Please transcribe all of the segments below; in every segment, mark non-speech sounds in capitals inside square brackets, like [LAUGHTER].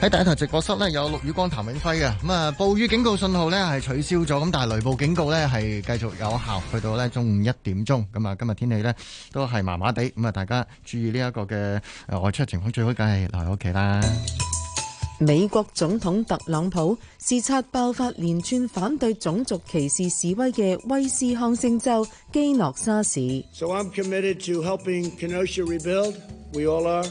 喺第一台直播室咧，有陸宇光、譚永輝嘅。咁啊，暴雨警告信號咧係取消咗，咁但係雷暴警告咧係繼續有效，去到咧中午一點鐘。咁啊，今日天氣咧都係麻麻地，咁啊，大家注意呢一個嘅外出情況，最好梗係留喺屋企啦。美國總統特朗普視察爆發連串反對種族歧視示威嘅威斯康星州基諾沙市。So I'm committed to helping Kenosha rebuild. We all are.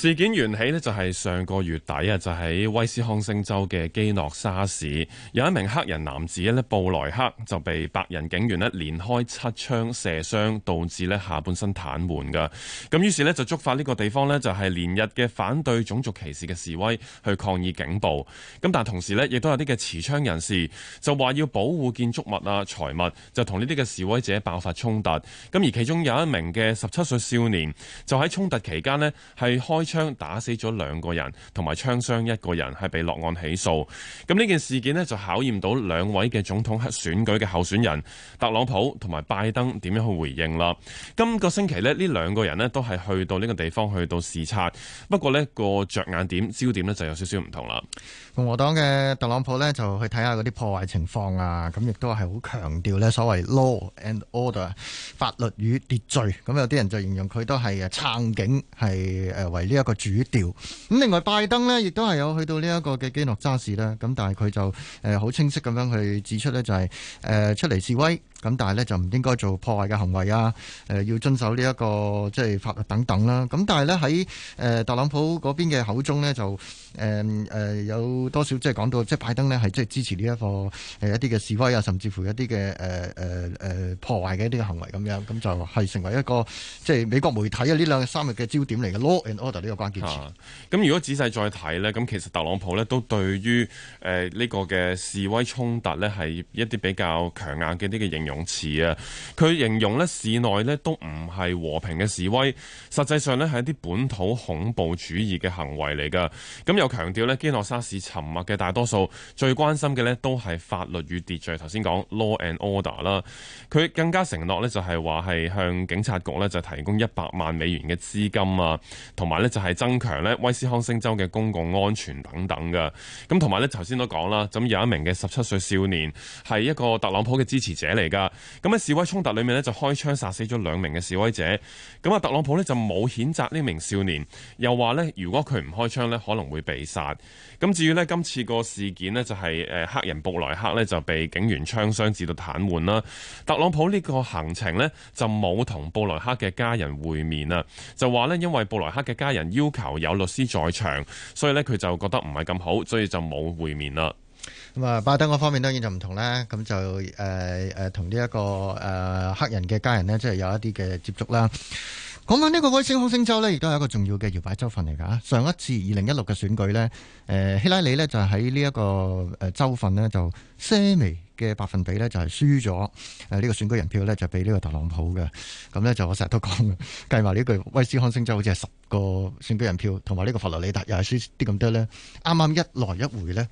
事件源起呢，就係上個月底啊，就喺威斯康星州嘅基諾沙市，有一名黑人男子呢，布萊克就被白人警員呢連開七槍射傷，導致呢下半身癱瘓噶。咁於是呢，就觸發呢個地方呢，就係連日嘅反對種族歧視嘅示威，去抗議警暴。咁但同時呢，亦都有啲嘅持槍人士就話要保護建築物啊財物，就同呢啲嘅示威者爆發衝突。咁而其中有一名嘅十七歲少年就喺衝突期間呢，係開槍打死咗兩個人，同埋槍傷一個人，係被落案起訴。咁呢件事件呢，就考驗到兩位嘅總統選舉嘅候選人特朗普同埋拜登點樣去回應啦。今個星期呢，呢兩個人呢都係去到呢個地方去到視察，不過呢個着眼點、焦點呢，就有少少唔同啦。共和黨嘅特朗普呢，就去睇下嗰啲破壞情況啊，咁亦都係好強調呢所謂 law and order 法律與秩序。咁有啲人就形容佢都係誒撐警，係誒為呢一個主調。咁另外拜登呢，亦都係有去到呢一個嘅基諾揸市啦，咁但係佢就誒好清晰咁樣去指出呢、就是，就係誒出嚟示威。咁但係咧就唔應該做破壞嘅行為啊！誒要遵守呢一個即係法律等等啦。咁但係咧喺誒特朗普嗰邊嘅口中呢，就誒誒、嗯呃、有多少即係講到即係拜登呢，係即係支持呢、這個呃、一個誒一啲嘅示威啊，甚至乎一啲嘅誒誒誒破壞嘅一啲嘅行為咁樣，咁就係成為一個即係美國媒體啊呢兩三日嘅焦點嚟嘅 law and order 呢個關鍵詞。咁、啊、如果仔細再睇呢，咁其實特朗普呢，都對於誒呢、呃這個嘅示威衝突呢，係一啲比較強硬嘅啲嘅形容用詞啊，佢形容咧市內咧都唔係和平嘅示威，實際上咧係一啲本土恐怖主義嘅行為嚟噶。咁又強調咧，基諾沙市沉默嘅大多數最關心嘅咧都係法律與秩序。頭先講 law and order 啦，佢更加承諾咧就係話係向警察局咧就提供一百萬美元嘅資金啊，同埋咧就係增強咧威斯康星州嘅公共安全等等噶。咁同埋呢，頭先都講啦，咁有一名嘅十七歲少年係一個特朗普嘅支持者嚟噶。咁喺示威衝突裏面呢，就開槍殺死咗兩名嘅示威者。咁啊，特朗普呢，就冇譴責呢名少年，又話呢，如果佢唔開槍呢，可能會被殺。咁至於呢，今次個事件呢，就係誒黑人布萊克呢，就被警員槍傷至到癱瘓啦。特朗普呢個行程呢，就冇同布萊克嘅家人會面啦，就話呢，因為布萊克嘅家人要求有律師在場，所以呢，佢就覺得唔係咁好，所以就冇會面啦。咁啊，拜登嗰方面當然就唔同啦。咁就誒誒，同呢一個誒、呃、黑人嘅家人呢，即係有一啲嘅接觸啦。講緊呢個威斯康星州呢，亦都係一個重要嘅搖擺州份嚟噶。上一次二零一六嘅選舉呢，誒、呃、希拉里呢就喺呢一個誒州份呢，就些微嘅百分比呢就係輸咗誒呢個選舉人票呢，就俾呢個特朗普嘅。咁呢，就我成日都講嘅，計埋呢句威斯康星州好似係十個選舉人票，同埋呢個佛羅里達又係輸啲咁多呢。啱啱一來一回呢。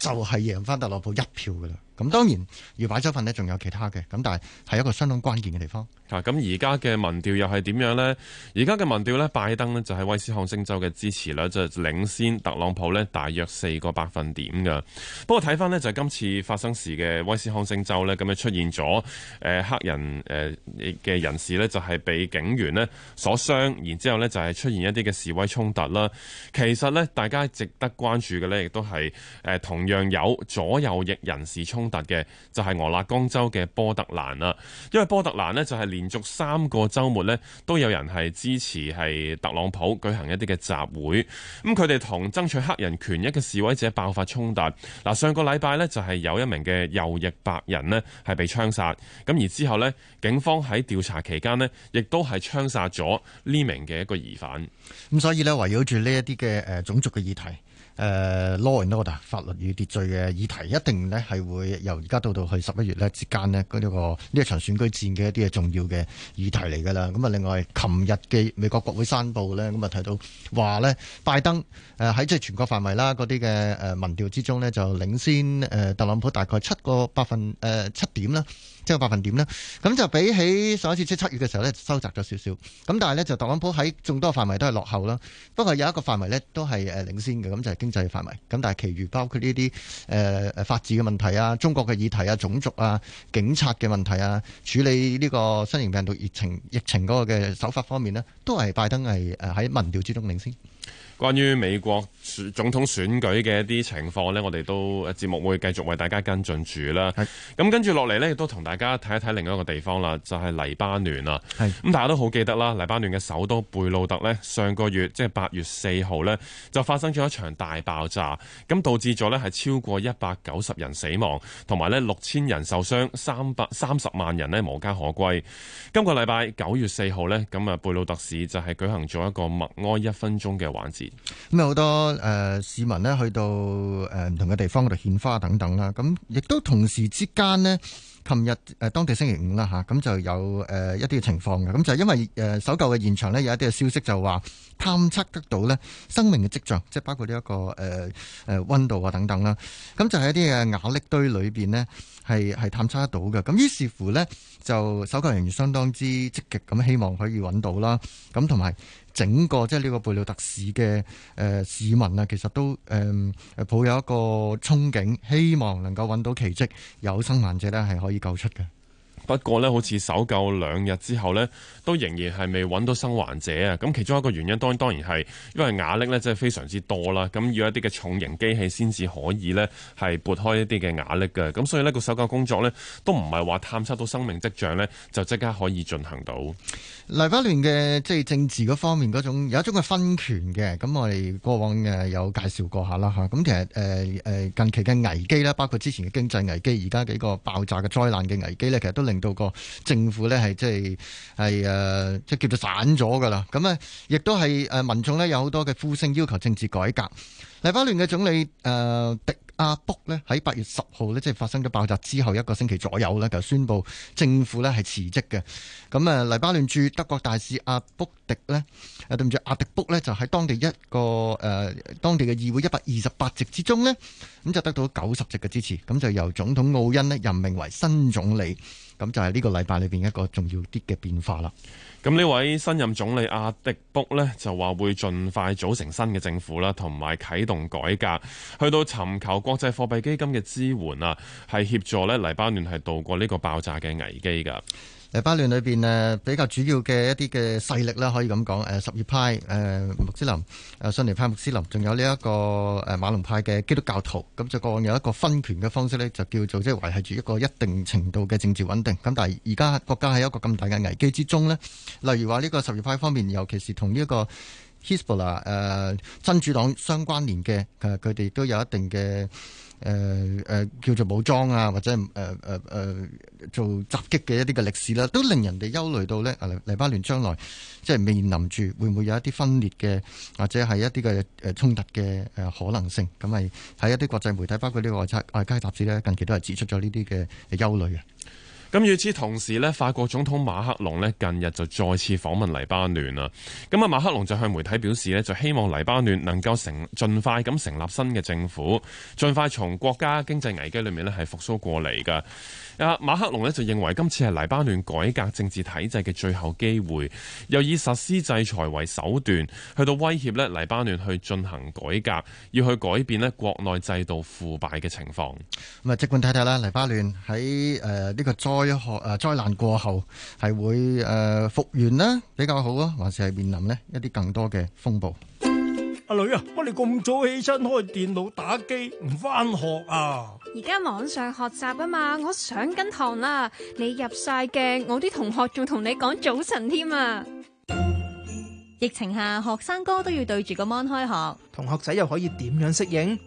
就係、是、贏翻特朗普一票噶啦。咁當然如擺州份呢仲有其他嘅，咁但係係一個相當關鍵嘅地方。嗱，咁而家嘅民調又係點樣呢？而家嘅民調呢，拜登呢就喺威斯康星州嘅支持呢就係領先特朗普呢大約四個百分點噶。不過睇翻呢，就係今次發生時嘅威斯康星州呢，咁樣出現咗誒黑人誒嘅人士呢，就係被警員呢所傷，然之後呢就係出現一啲嘅示威衝突啦。其實呢，大家值得關注嘅呢，亦都係誒同。讓有左右翼人士衝突嘅就係俄勒岡州嘅波特蘭啦，因為波特蘭呢，就係連續三個周末呢，都有人係支持係特朗普舉行一啲嘅集會，咁佢哋同爭取黑人權益嘅示威者爆發衝突。嗱，上個禮拜呢，就係有一名嘅右翼白人呢，係被槍殺，咁而之後呢，警方喺調查期間呢，亦都係槍殺咗呢名嘅一個疑犯，咁所以呢，圍繞住呢一啲嘅誒種族嘅議題。誒 Law and Order 法律與秩序嘅議題一定咧係會由而家到到去十一月呢之間呢，嗰一個呢一場選舉戰嘅一啲重要嘅議題嚟噶啦。咁啊，另外，琴日嘅美國國會山報呢，咁啊提到話呢拜登誒喺即係全國範圍啦，嗰啲嘅誒民調之中呢，就領先誒特朗普大概七個百分誒七、呃、點啦，即係百分點啦。咁就比起上一次即係七月嘅時候呢，收窄咗少少。咁但係呢，就特朗普喺眾多範圍都係落後啦。不過有一個範圍呢都係誒領先嘅，咁就係、經制範圍，咁但係，其餘包括呢啲誒法治嘅問題啊、中國嘅議題啊、種族啊、警察嘅問題啊、處理呢個新型病毒疫情疫情嗰個嘅手法方面呢，都係拜登係誒喺民調之中領先。關於美國總統選舉嘅一啲情況呢，我哋都節目會繼續為大家跟進住啦。咁跟住落嚟呢，亦都同大家睇一睇另一個地方啦，就係、是、黎巴嫩啦。咁大家都好記得啦，黎巴嫩嘅首都貝魯特呢，上個月，即係八月四號呢，就發生咗一場大爆炸，咁導致咗呢係超過一百九十人死亡，同埋呢六千人受傷，三百三十萬人呢無家可歸。今個禮拜九月四號呢，咁啊貝魯特市就係舉行咗一個默哀一分鐘嘅環節。咁有好多誒市民呢，去到誒唔同嘅地方度獻花等等啦，咁亦都同時之間呢，琴日誒當地星期五啦吓，咁就有誒一啲嘅情況嘅，咁就因為誒搜救嘅現場呢，有一啲嘅消息就話探測得到呢生命嘅跡象，即係包括呢一個誒誒温度啊等等啦，咁就喺一啲嘅瓦礫堆裏邊呢，係係探測得到嘅，咁於是乎呢，就搜救人員相當之積極咁希望可以揾到啦，咁同埋。整個即係呢個貝魯特市嘅誒、呃、市民啊，其實都誒、呃、抱有一個憧憬，希望能夠揾到奇蹟，有生還者呢係可以救出嘅。不過呢，好似搜救兩日之後呢，都仍然係未揾到生還者啊！咁其中一個原因當然，當然係因為瓦礫呢，真係非常之多啦。咁要一啲嘅重型機器先至可以呢，係撥開一啲嘅瓦礫嘅。咁所以呢個搜救工作呢，都唔係話探測到生命跡象呢，就即刻可以進行到。黎巴嫩嘅即係政治嗰方面嗰種有一種嘅分權嘅。咁我哋過往嘅有介紹過下啦嚇。咁其實誒誒、呃、近期嘅危機呢，包括之前嘅經濟危機，而家幾個爆炸嘅災難嘅危機呢，其實都。令到個政府呢係即係係誒，即係叫做散咗噶啦。咁啊，亦都係誒民眾呢有好多嘅呼聲，要求政治改革。黎巴嫩嘅總理誒、呃、迪亞卜呢，喺八月十號呢，即係發生咗爆炸之後一個星期左右呢，就宣布政府呢係辭職嘅。咁啊、呃，黎巴嫩駐德國大使阿卜迪呢，誒，對唔住阿迪卜呢，就喺當地一個誒、呃、當地嘅議會一百二十八席之中呢，咁就得到九十席嘅支持，咁就由總統奧恩呢任命為新總理。咁就係呢個禮拜裏邊一個重要啲嘅變化啦。咁呢位新任總理阿迪卜呢，就話會盡快組成新嘅政府啦，同埋啟動改革，去到尋求國際貨幣基金嘅支援啊，係協助呢黎巴嫩係度過呢個爆炸嘅危機噶。誒黎巴嫩裏邊誒比較主要嘅一啲嘅勢力啦，可以咁講，誒什葉派誒穆斯林誒遜尼派穆斯林，仲、啊、有呢一個誒馬龍派嘅基督教徒，咁就各有一個分權嘅方式呢就叫做即係、就是、維係住一個一定程度嘅政治穩定。咁但係而家國家喺一個咁大嘅危機之中呢，例如話呢個什葉派方面，尤其是同呢一個 Hezbollah 真主黨相關連嘅，佢、啊、哋都有一定嘅。誒、呃、誒叫做武裝啊，或者係誒誒做襲擊嘅一啲嘅歷史啦，都令人哋憂慮到咧。啊，黎黎巴嫩將來即係面臨住會唔會有一啲分裂嘅，或者係一啲嘅誒衝突嘅誒可能性。咁係喺一啲國際媒體，包括呢個外插外交雜誌咧，近期都係指出咗呢啲嘅憂慮嘅。咁與此同時呢，法國總統馬克龍呢，近日就再次訪問黎巴嫩啦。咁啊，馬克龍就向媒體表示呢，就希望黎巴嫩能夠成盡快咁成立新嘅政府，盡快從國家經濟危機裏面呢係復甦過嚟噶。阿馬克龍咧就認為今次係黎巴嫩改革政治體制嘅最後機會，又以實施制裁為手段，去到威脅咧黎巴嫩去進行改革，要去改變咧國內制度腐敗嘅情況。咁啊，即管睇睇啦，黎巴嫩喺誒呢個災害誒災難過後係會誒復、呃、原呢比較好啊，還是係面臨一啲更多嘅風暴？阿女啊，乜你咁早起身開電腦打機唔翻學啊！而家網上學習啊嘛，我上緊堂啦，你入晒鏡，我啲同學仲同你講早晨添啊！疫情下，學生哥都要對住個 mon 開學，同學仔又可以點樣適應？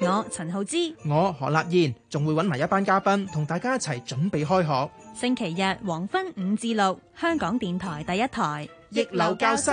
我陳浩之，我何立燕，仲會揾埋一班嘉賓同大家一齊準備開學。星期日黃昏五至六，香港電台第一台逆流教室。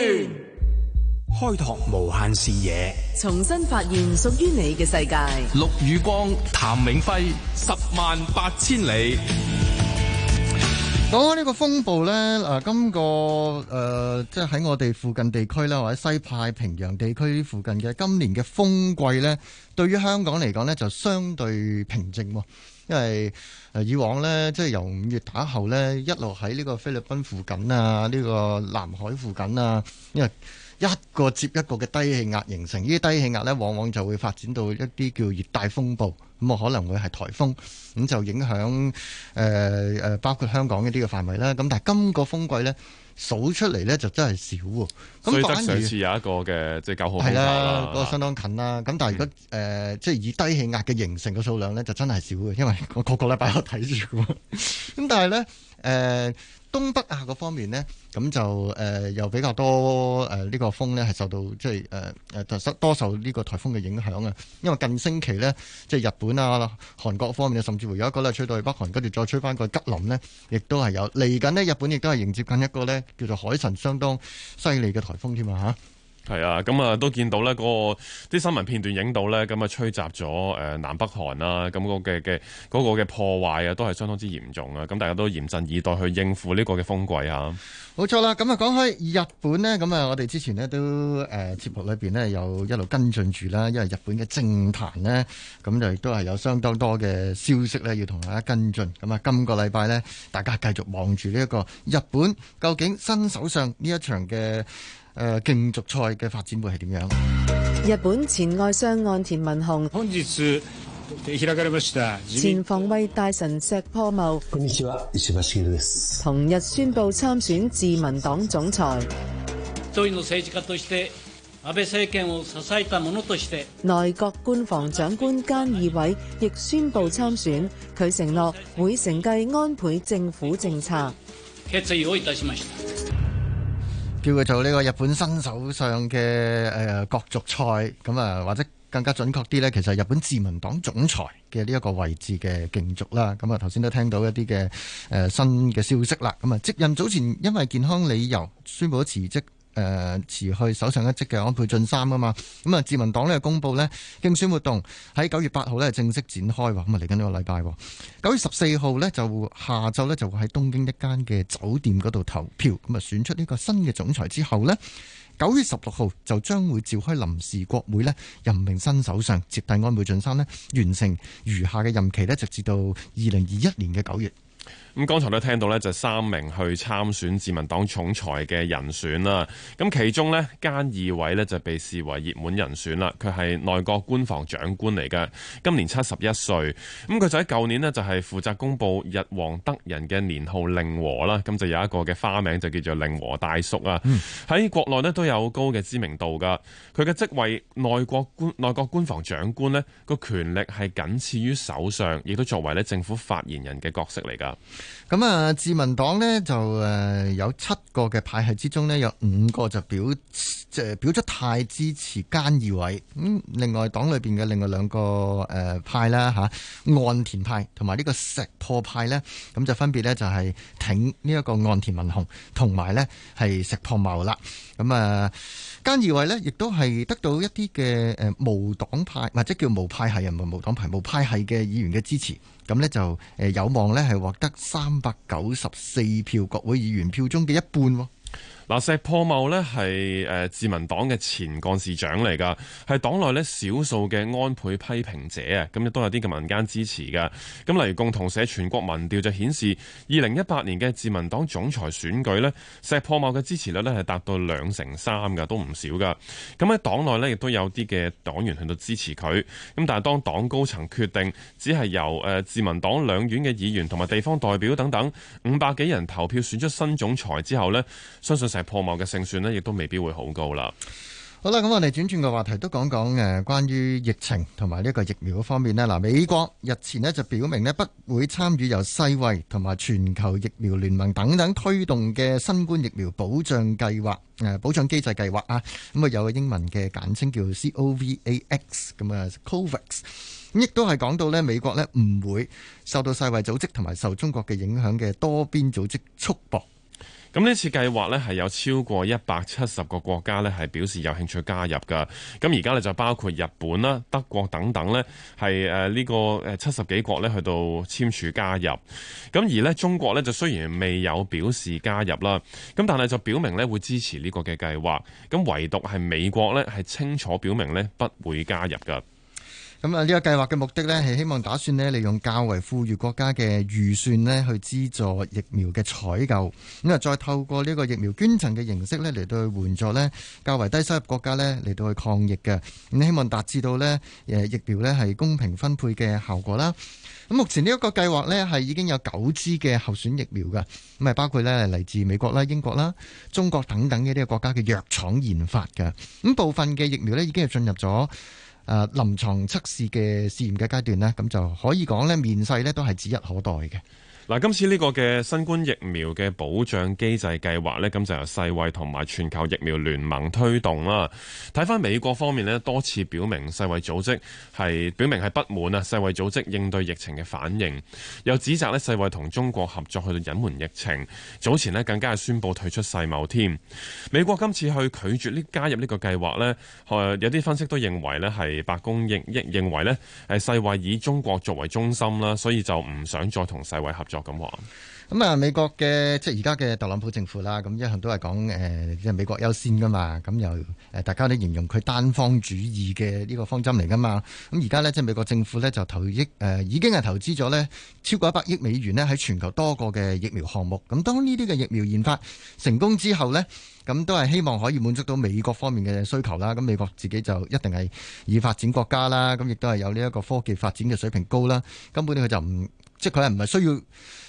開拓無限視野，重新發現屬於你嘅世界。陸宇光、譚永輝，十萬八千里。講、哦、呢、呢個風暴呢，嗱、啊，今個誒，即係喺我哋附近地區啦，或者西太平洋地區附近嘅，今年嘅風季呢，對於香港嚟講呢，就相對平靜。因為誒以往呢，即係由五月打後呢，一路喺呢個菲律賓附近啊，呢個南海附近啊，因為一個接一個嘅低氣壓形成，呢啲低氣壓呢，往往就會發展到一啲叫熱帶風暴，咁啊可能會係颱風，咁就影響誒誒包括香港一啲嘅範圍啦。咁但係今個風季呢。數出嚟咧就真係少喎，咁反而上次有一個嘅 [NOISE] 即係九號風球啦，啊嗰個相當近啦。咁、嗯、但係如果誒、呃、即係以低氣壓嘅形成嘅數量咧，就真係少嘅，因為我個個禮拜都睇住喎。咁 [LAUGHS] 但係咧誒。呃東北亞嗰方面呢，咁就誒、呃、又比較多誒呢、呃呢個風呢，係受到即係誒誒多受呢個颱風嘅影響啊。因為近星期呢，即係日本啊、韓國方面甚至乎有一個呢吹到去北韓，跟住再吹翻過去吉林呢，亦都係有。嚟緊呢，日本亦都係迎接緊一個呢叫做海神相當犀利嘅颱風添啊嚇。係啊，咁啊都見到呢、那、嗰個啲新聞片段影到呢，咁啊吹襲咗誒南北韓啊，咁、那個嘅嘅嘅破壞啊，都係相當之嚴重啊！咁大家都嚴陣以待去應付呢個嘅風季啊。冇錯啦！咁啊講開日本呢，咁啊我哋之前呢都誒節目裏邊呢，有一路跟進住啦，因為日本嘅政壇呢，咁就亦都係有相當多嘅消息呢，要同大家跟進。咁啊，今個禮拜呢，大家繼續望住呢一個日本究竟新首相呢一場嘅。誒競逐賽嘅發展會係點樣？日本前外相岸田文雄，前防衛大臣石破茂，同日宣布參選自民黨總裁。內閣官房長官菅義偉亦宣布參選，佢承諾會承繼安倍政府政策。要佢做呢個日本新首相嘅誒角逐賽，咁啊或者更加準確啲咧，其實日本自民黨總裁嘅呢一個位置嘅競逐啦，咁啊頭先都聽到一啲嘅誒新嘅消息啦，咁啊接任早前因為健康理由宣布辭職，誒、呃，辭去首相一職嘅安倍晉三啊嘛，咁啊，自民黨呢公佈呢競選活動喺九月八號呢正式展開喎，咁啊嚟緊呢個禮拜，九 [MUSIC] 月十四號呢就下晝呢就會喺東京一間嘅酒店嗰度投票，咁啊選出呢個新嘅總裁之後呢，九月十六號就將會召開臨時國會呢任命新首相，接替安倍晉三呢，完成餘下嘅任期呢，直至到二零二一年嘅九月。咁剛才都聽到咧，就三名去參選自民黨總裁嘅人選啦。咁其中呢菅義偉呢，就被視為熱門人選啦。佢係內閣官房長官嚟㗎，今年七十一歲。咁佢就喺舊年呢，就係負責公布日皇德仁嘅年號令和啦。咁就有一個嘅花名就叫做令和大叔啊。喺國內呢，都有高嘅知名度噶。佢嘅職位內閣官內閣官房長官呢，個權力係僅次於首相，亦都作為咧政府發言人嘅角色嚟噶。咁啊，自民黨呢就誒有七個嘅派系之中呢，有五個就表即係表出太支持菅義偉，咁另外黨裏邊嘅另外兩個誒派啦吓，岸田派、同埋呢個石破派呢，咁就分別呢就係挺呢一個岸田文雄，同埋呢係石破茂啦，咁啊。堅義衞呢，亦都係得到一啲嘅誒無黨派，或者叫無派系，唔係無黨派，無派系嘅議員嘅支持，咁呢就誒有望呢係獲得三百九十四票國會議員票中嘅一半喎。嗱，石破茂咧係誒自民黨嘅前幹事長嚟㗎，係黨內咧少數嘅安倍批評者啊，咁亦都有啲嘅民間支持㗎。咁例如共同社全國民調就顯示，二零一八年嘅自民黨總裁選舉咧，石破茂嘅支持率咧係達到兩成三㗎，都唔少㗎。咁喺黨內咧亦都有啲嘅黨員去到支持佢。咁但係當黨高層決定只係由誒自民黨兩院嘅議員同埋地方代表等等五百幾人投票選出新總裁之後咧，相信破網嘅勝算咧，亦都未必會好高啦。好啦，咁我哋轉轉個話題，都講講誒，關於疫情同埋呢個疫苗方面，嗱，美國日前就表明不會參與由世衛同埋全球疫苗聯盟等等推動嘅新冠疫苗保障計劃誒，保障機制計劃啊。咁啊，有個英文嘅簡稱叫 C O V A X，咁啊 C O V A X。咁亦都係講到美國咧唔會受到世衛組織同埋受中國嘅影響嘅多邊組織束縛。咁呢次計劃呢，係有超過一百七十個國家呢，係表示有興趣加入㗎。咁而家呢，就包括日本啦、德國等等呢，係呢個誒七十幾國呢，去到簽署加入。咁而呢，中國呢，就雖然未有表示加入啦，咁但係就表明呢會支持呢個嘅計劃。咁唯獨係美國呢，係清楚表明呢，不會加入嘅。咁啊，呢個計劃嘅目的咧，係希望打算咧，利用較為富裕國家嘅預算咧，去資助疫苗嘅採購，咁啊，再透過呢個疫苗捐贈嘅形式咧，嚟到去援助咧較為低收入國家咧，嚟到去抗疫嘅。咁希望達至到咧，誒，疫苗咧係公平分配嘅效果啦。咁目前呢一個計劃咧，係已經有九支嘅候選疫苗㗎，咁啊，包括咧嚟自美國啦、英國啦、中國等等嘅呢個國家嘅藥廠研發嘅。咁部分嘅疫苗咧，已經係進入咗。誒、啊、臨床測試嘅試驗嘅階段呢，咁就可以講呢，面世呢都係指日可待嘅。嗱，今次呢個嘅新冠疫苗嘅保障機制計劃咧，咁就由世衛同埋全球疫苗聯盟推動啦。睇翻美國方面咧，多次表明世衛組織係，表明係不滿啊，世衛組織應對疫情嘅反應，又指責咧世衛同中國合作去到隱瞞疫情。早前咧更加係宣布退出世貿添。美國今次去拒絕呢加入呢個計劃咧，有啲分析都認為咧係白宮亦亦認為咧，係世衛以中國作為中心啦，所以就唔想再同世衛合作。咁啊，美國嘅即係而家嘅特朗普政府啦，咁一向都係講誒，即、呃、係美國優先㗎嘛。咁又誒、呃，大家都形容佢單方主義嘅呢個方針嚟㗎嘛。咁而家呢，即係美國政府呢，就投資誒、呃，已經係投資咗呢超過一百億美元呢，喺全球多個嘅疫苗項目。咁當呢啲嘅疫苗研發成功之後呢，咁都係希望可以滿足到美國方面嘅需求啦。咁美國自己就一定係已發展國家啦，咁亦都係有呢一個科技發展嘅水平高啦。根本呢，佢就唔。即係佢係唔係需要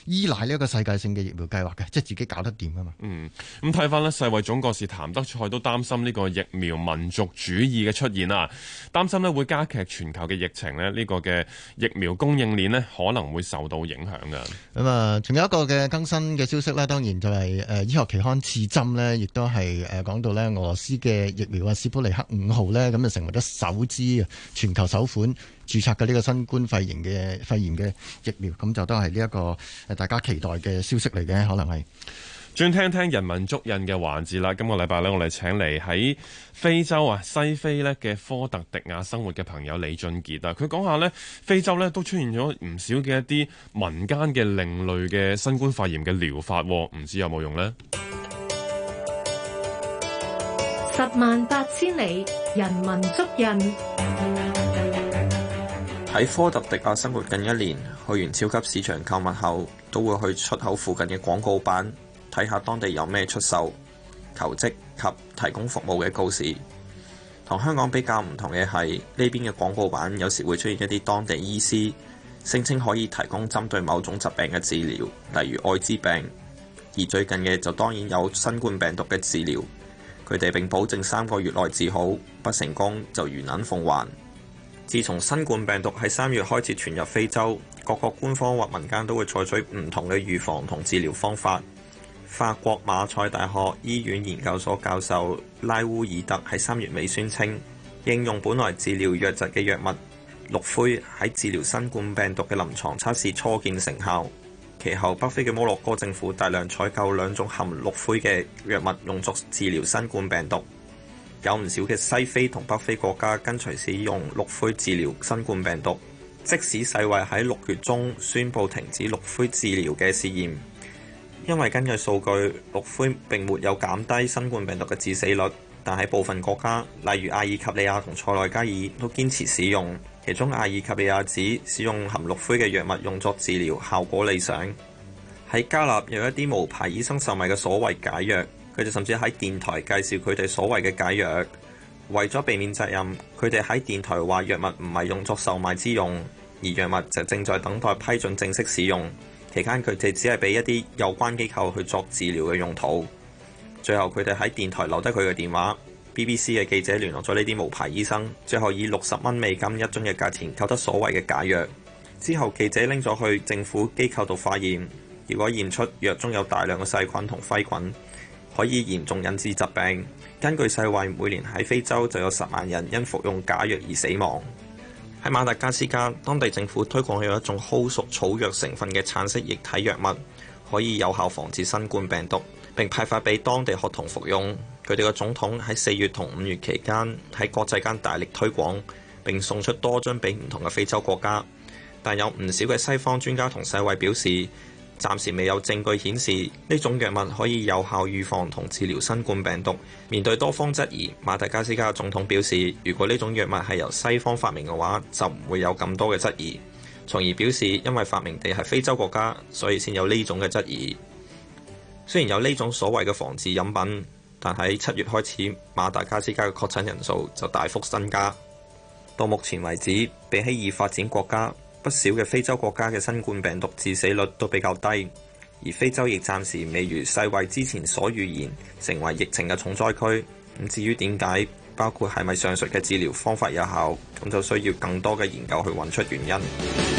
依賴呢一個世界性嘅疫苗計劃嘅，即係自己搞得掂噶嘛？嗯，咁睇翻呢世衛總幹事譚德賽都擔心呢個疫苗民族主義嘅出現啦，擔心呢會加劇全球嘅疫情呢，呢、這個嘅疫苗供應鏈呢可能會受到影響㗎。咁、嗯、啊，仲有一個嘅更新嘅消息呢，當然就係誒醫學期刊《刺針》呢，亦都係誒講到呢俄羅斯嘅疫苗啊，斯普尼克五號呢，咁就成為咗首支全球首款。註冊嘅呢個新冠肺炎嘅肺炎嘅疫苗，咁就都係呢一個誒大家期待嘅消息嚟嘅，可能係。轉聽聽人文足印嘅環節啦。今個禮拜呢，我哋請嚟喺非洲啊，西非呢嘅科特迪亞生活嘅朋友李俊傑啊，佢講下呢，非洲呢都出現咗唔少嘅一啲民間嘅另類嘅新冠肺炎嘅療法喎，唔知道有冇用呢？十萬八千里，人文足印。喺科特迪瓦生活近一年，去完超級市場購物後，都會去出口附近嘅廣告板睇下當地有咩出售、求職及提供服務嘅告示。同香港比較唔同嘅係呢邊嘅廣告板，有時會出現一啲當地醫師聲稱可以提供針對某種疾病嘅治療，例如愛滋病。而最近嘅就當然有新冠病毒嘅治療，佢哋並保證三個月內治好，不成功就原銀奉還。自從新冠病毒喺三月開始傳入非洲，各國官方或民間都會採取唔同嘅預防同治療方法。法國馬賽大學醫院研究所教授拉烏爾特喺三月尾宣稱，應用本來治療瘧疾嘅藥物氯喹，喺治療新冠病毒嘅臨床測試初見成效。其後，北非嘅摩洛哥政府大量採購兩種含氯喹嘅藥物，用作治療新冠病毒。有唔少嘅西非同北非國家跟隨使用氯喹治療新冠病毒，即使世衛喺六月中宣布停止氯喹治療嘅試驗，因為根據數據，氯喹並沒有減低新冠病毒嘅致死率。但喺部分國家，例如阿爾及利亞同塞內加爾，都堅持使用。其中阿爾及利亞指使用含氯喹嘅藥物用作治療效果理想。喺加納有一啲無牌醫生售賣嘅所謂解藥。佢哋甚至喺電台介紹佢哋所謂嘅解藥，為咗避免責任，佢哋喺電台話藥物唔係用作售賣之用，而藥物就正在等待批准正式使用期間。佢哋只係俾一啲有關機構去作治療嘅用途。最後佢哋喺電台留低佢嘅電話。BBC 嘅記者聯絡咗呢啲無牌醫生，最後以六十蚊美金一樽嘅價錢購得所謂嘅解藥。之後記者拎咗去政府機構度化驗，結果驗出藥中有大量嘅細菌同灰菌。可以嚴重引致疾病。根據世衛，每年喺非洲就有十萬人因服用假藥而死亡。喺馬達加斯加，當地政府推廣有一種蒿屬草藥成分嘅橙色液體藥物，可以有效防止新冠病毒，並派發俾當地學童服用。佢哋嘅總統喺四月同五月期間喺國際間大力推廣，並送出多樽俾唔同嘅非洲國家。但有唔少嘅西方專家同世衛表示，暫時未有證據顯示呢種藥物可以有效預防同治療新冠病毒。面對多方質疑，馬達加斯加總統表示，如果呢種藥物係由西方發明嘅話，就唔會有咁多嘅質疑。從而表示，因為發明地係非洲國家，所以先有呢種嘅質疑。雖然有呢種所謂嘅防治飲品，但喺七月開始，馬達加斯加嘅確診人數就大幅增加。到目前為止，比起已發展國家，不少嘅非洲國家嘅新冠病毒致死率都比較低，而非洲亦暫時未如世衛之前所預言成為疫情嘅重災區，咁至於點解，包括係咪上述嘅治療方法有效，咁就需要更多嘅研究去揾出原因。